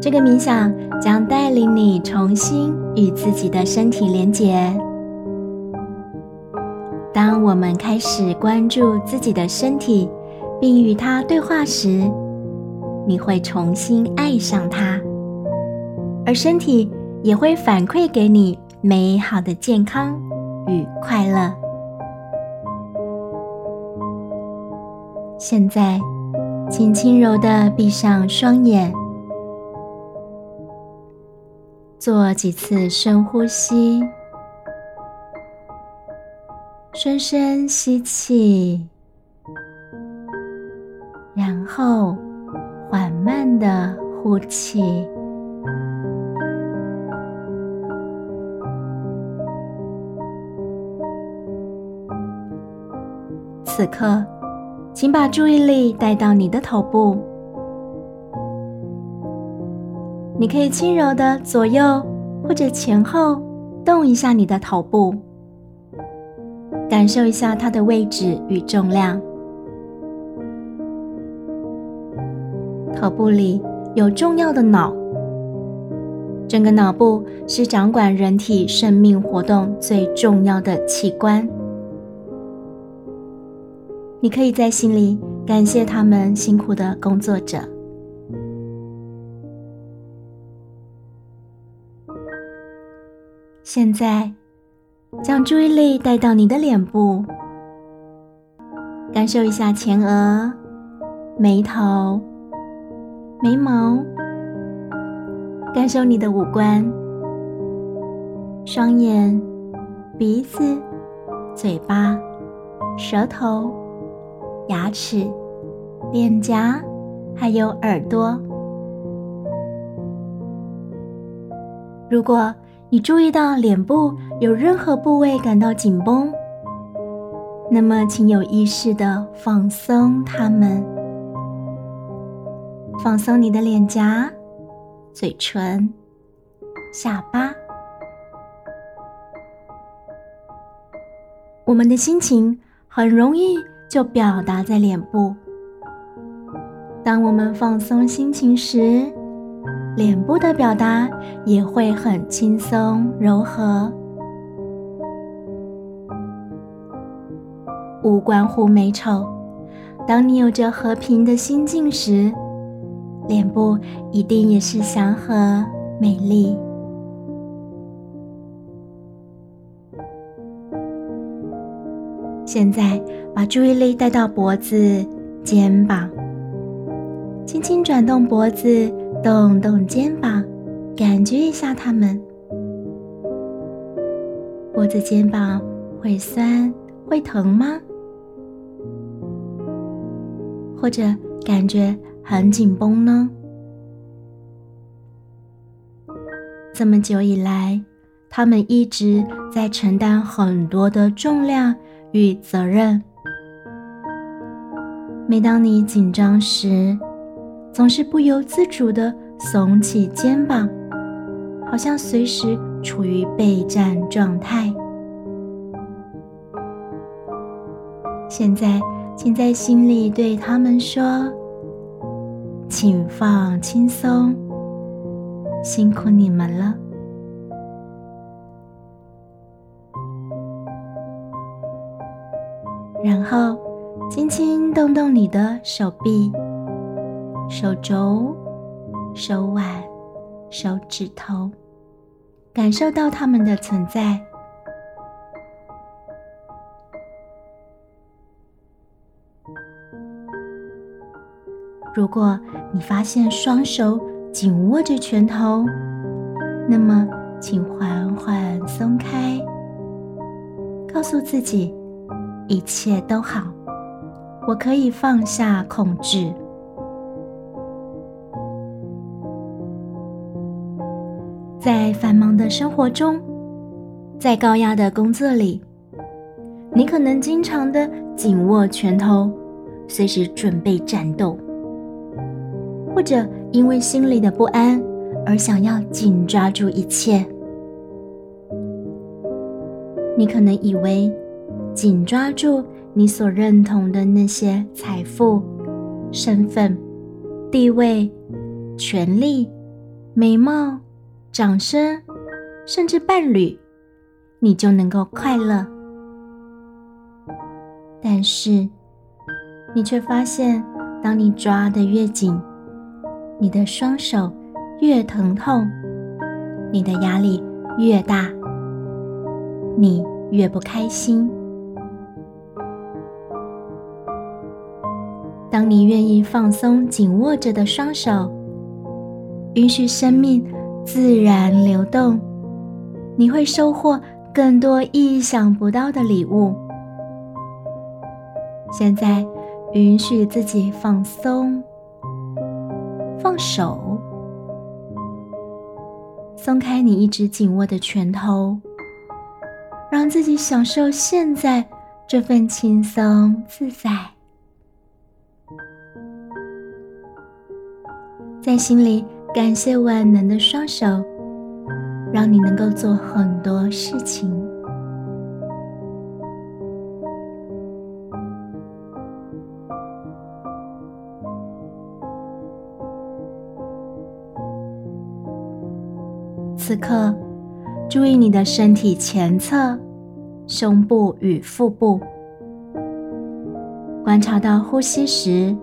這個冥想將帶領你重新與自己的身體連結。當我們開始關注自己的身體，並與它對話時，你會重新愛上它，而身體也會反饋給你美好的健康與快樂。現在，請輕輕柔地閉上雙眼。做幾次深呼吸，深深吸氣，然後緩慢的呼氣。此刻，請把注意力帶到你的頭部。你可以輕柔地左右或者前後動一下你的頭部，感受一下它的位置與重量。頭部裡有重要的腦，整個腦部是掌管人體生命活動最重要的器官。你可以在心裡感謝他們辛苦的工作者。現在，將注意力帶到你的臉部，感受一下前額、眉頭、眉毛，感受你的五官：雙眼、鼻子、嘴巴、舌頭、牙齒、臉頰、還有耳朵。如果你注意到臉部有任何部位感到緊繃，那麼請有意識的放鬆它們。放鬆你的臉頰、嘴唇、下巴。我們的心情很容易就表達在臉部。當我們放鬆心情時，臉部的表達也會很輕鬆、柔和，無關乎美醜。當你有着和平的心境時，臉部一定也是祥和、美麗。現在把注意力帶到脖子、肩膀，輕輕轉動脖子。動動肩膀，感覺一下它們。脖子、肩膀會痠、會疼嗎？或者感覺很緊繃呢？這麼久以來，它們一直在承擔很多的重量與責任。每當你緊張時，總是不由自主的聳起肩膀，好像隨時處於備戰狀態。現在，請在心裡對他們說：“請放輕鬆，辛苦你們了。”然後，輕輕動動你的手臂。手肘、手腕、手指頭，感受到他們的存在。如果你發現雙手緊握着拳頭，那麼請緩緩鬆開，告訴自己一切都好，我可以放下控制。在繁忙的生活中，在高壓的工作裡，你可能經常的緊握拳頭，隨時準備戰鬥；或者因為心裡的不安而想要緊抓住一切。你可能以為，緊抓住你所認同的那些財富、身份、地位、權力、美貌。掌聲，甚至伴侶，你就能夠快樂。但是，你卻發現，當你抓得越緊，你的雙手越疼痛，你的壓力越大，你越不開心。當你願意放鬆緊握着的雙手，允許生命。自然流動，你會收穫更多意想不到的禮物。現在，允許自己放鬆，放手，鬆開你一直緊握的拳頭，讓自己享受現在這份輕鬆自在。在心裡。感謝萬能的雙手，讓你能夠做很多事情。此刻，注意你的身體前側、胸部與腹部。觀察到呼吸時，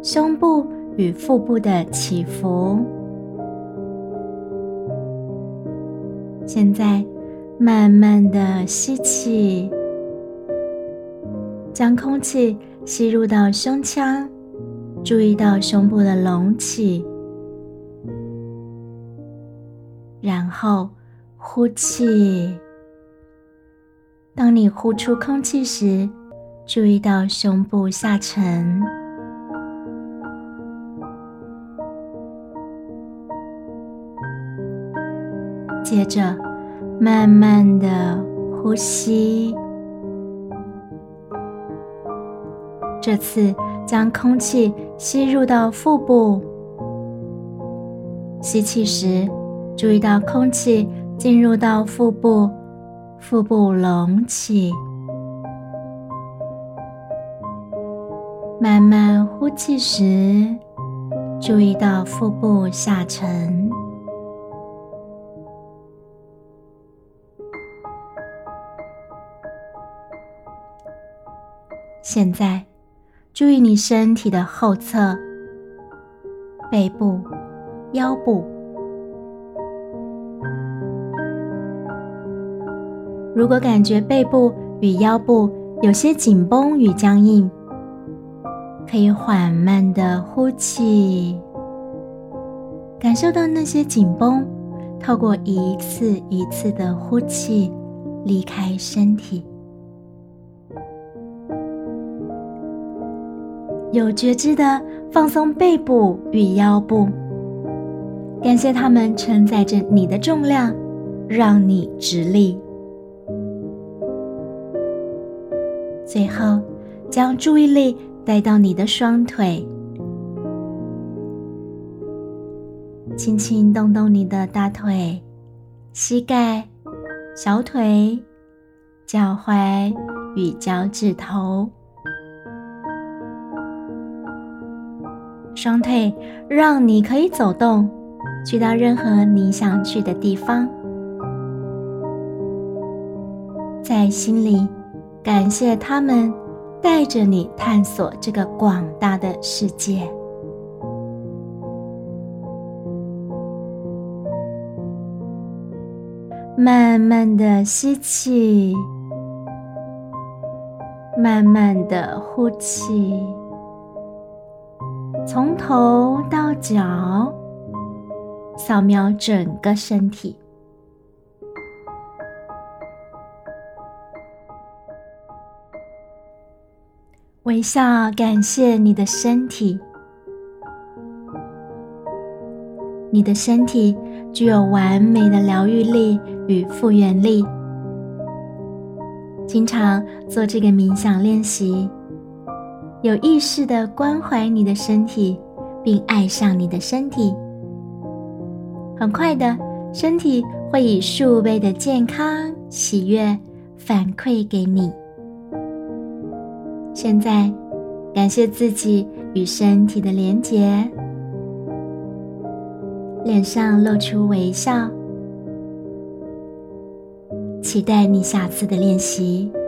胸部與腹部的起伏。現在，慢慢的吸氣，將空氣吸入到胸腔，注意到胸部的隆起，然後呼氣。當你呼出空氣時，注意到胸部下沉。接着，慢慢的呼吸。這次將空氣吸入到腹部，吸氣時，注意到空氣進入到腹部，腹部隆起。慢慢呼氣時，注意到腹部下沉。現在，注意你身體的後側、背部、腰部。如果感覺背部與腰部有些緊繃與僵硬，可以緩慢地呼氣，感受到那些緊繃，透過一次一次的呼氣離開身體。有覺知的放鬆背部與腰部，感謝他們承載着你的重量，讓你直立。最後，將注意力帶到你的雙腿，輕輕動動你的大腿、膝蓋、小腿、腳踝與腳趾頭。雙腿讓你可以走動，去到任何你想去的地方。在心裡感謝他們帶着你探索這個廣大的世界。慢慢的吸氣，慢慢的呼氣。從頭到腳，掃描整個身體，微笑，感謝你的身體。你的身體具有完美的療癒力與復原力。經常做這個冥想練習。有意識地關懷你的身體，並愛上你的身體。很快的，身體會以數倍的健康喜悅反饋給你。現在，感謝自己與身體的連結，臉上露出微笑，期待你下次的練習。